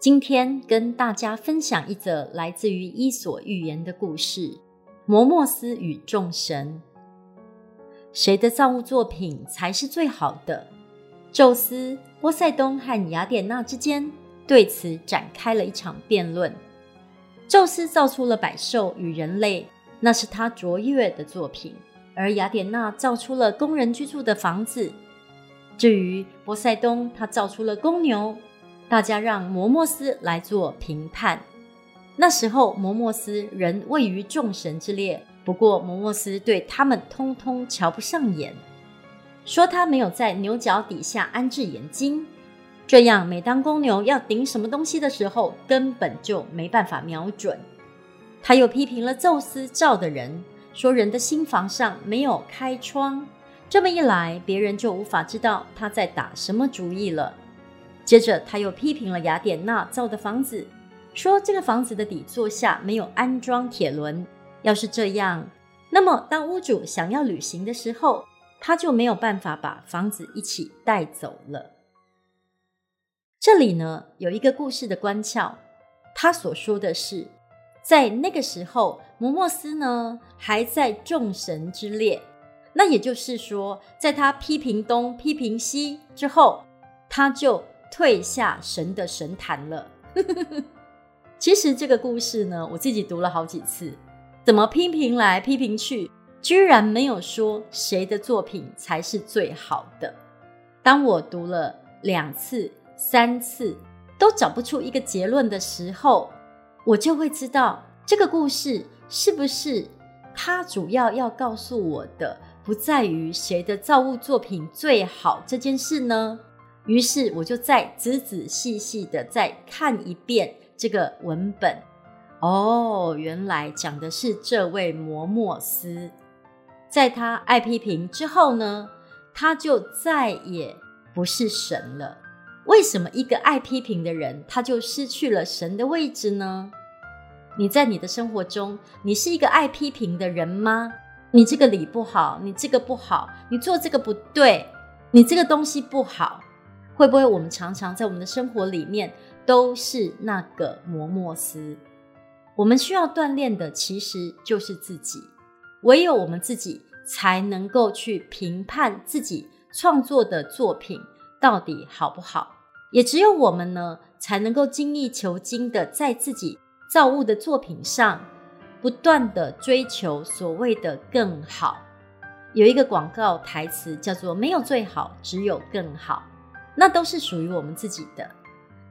今天跟大家分享一則來自於《伊索寓言》的故事：摩墨斯與眾神，誰的造物作品才是最好的？宙斯、波塞冬和雅典娜之間對此展開了一場辯論。宙斯造出了百獸與人類，那是他卓越的作品；而雅典娜造出了供人居住的房子。至於波塞冬，他造出了公牛。大家讓摩墨斯來做評判。那時候，摩墨斯仍位於眾神之列，不過摩墨斯對他們通通瞧不上眼，說他沒有在牛角底下安置眼睛，這樣每當公牛要頂什麼東西的時候，根本就沒辦法瞄準。他又批評了宙斯造的人，說人的心房上沒有開窗，這麼一來，別人就無法知道他在打什麼主意了。接着他又批評了雅典娜造的房子，說這個房子的底座下沒有安裝鐵輪。要是這樣，那麼當屋主想要旅行的時候，他就沒有辦法把房子一起帶走了。這裡呢有一個故事的關竅，他所說的是，在那個時候，摩莫斯呢還在眾神之列。那也就是說，在他批評東、批評西之後，他就退下神的神壇了。 其實這個故事呢，我自己讀了好幾次，怎麼批評來批評去，居然沒有說誰的作品才是最好的。當我讀了兩次、三次都找不出一個結論的時候，我就會知道這個故事是不是它主要要告訴我的，不在於誰的造物作品最好這件事呢？於是我就再仔仔細細的再看一遍這個文本。哦，原來講的是這位摩墨斯，在他愛批評之後呢，他就再也不是神了。為什麼一個愛批評的人，他就失去了神的位置呢？你在你的生活中，你是一個愛批評的人嗎？你這個理不好，你這個不好，你做這個不對，你這個東西不好。會不會我們常常在我們的生活裡面都是那個摩墨斯，我們需要鍛鍊的其實就是自己，唯有我們自己才能夠去評判自己創作的作品到底好不好，也只有我們呢才能夠精益求精的在自己造物的作品上不斷的追求所謂的更好。有一個廣告台詞叫做“沒有最好，只有更好”。那都是屬於我們自己的。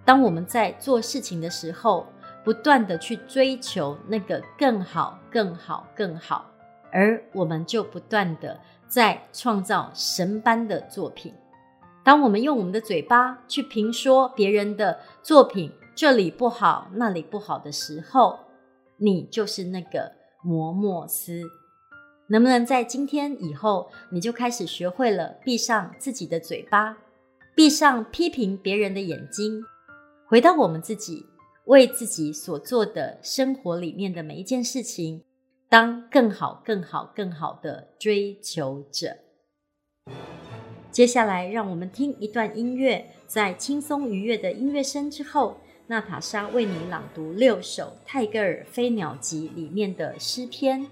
當我們在做事情的時候，不斷的去追求那個更好、更好、更好，而我們就不斷的在創造神般的作品。當我們用我們的嘴巴去評說別人的作品，這裡不好，那裡不好的時候，你就是那個摩墨斯。能不能在今天以後，你就開始學會了閉上自己的嘴巴？閉上批評別人的眼睛，回到我們自己，為自己所做的生活裡面的每一件事情，當更好、更好、更好的追求者。接下來，讓我們聽一段音樂，在輕鬆愉悅的音樂聲之後，娜塔莎為你朗讀六首泰戈爾《飛鳥集》裡面的詩篇。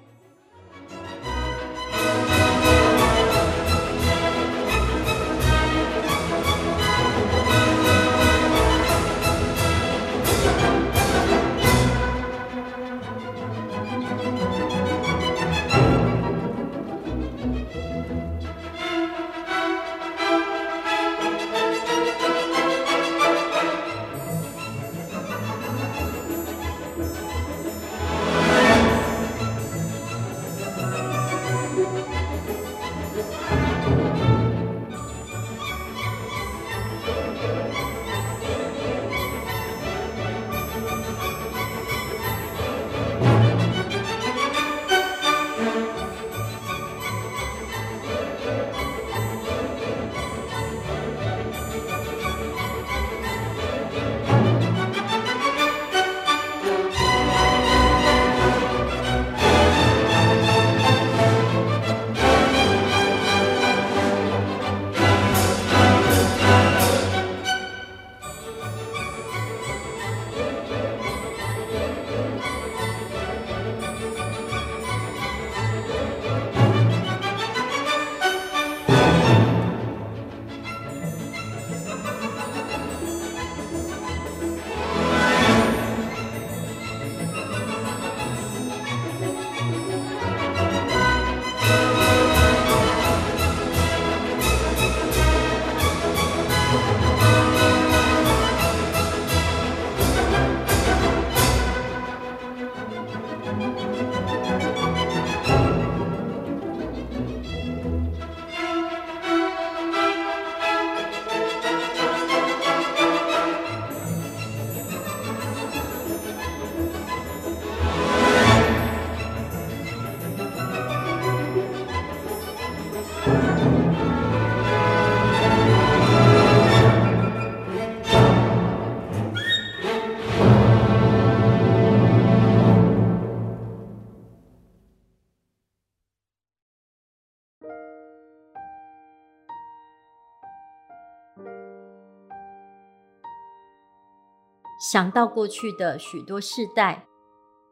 想到過去的許多世代，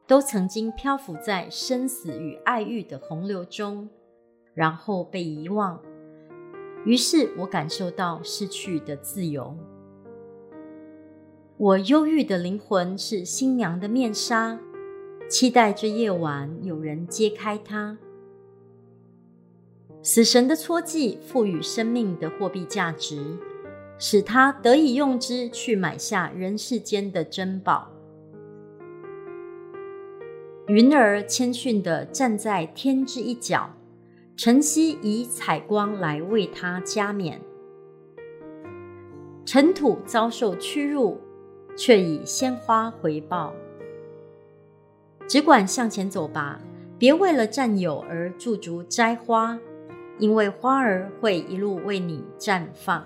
都曾經漂浮在生死與愛慾的洪流中，然後被遺忘。於是我感受到失去的自由。我憂鬱的靈魂是新娘的面紗，期待着夜晚有人揭開它。死神的戳記賦予生命的貨幣價值。使他得以用之去買下人世間的珍寶。雲兒謙遜地站在天之一角，晨曦以彩光來為他加冕。塵土遭受屈辱，卻以鮮花回報。只管向前走吧，別為了佔有而駐足摘花，因為花兒會一路為你綻放。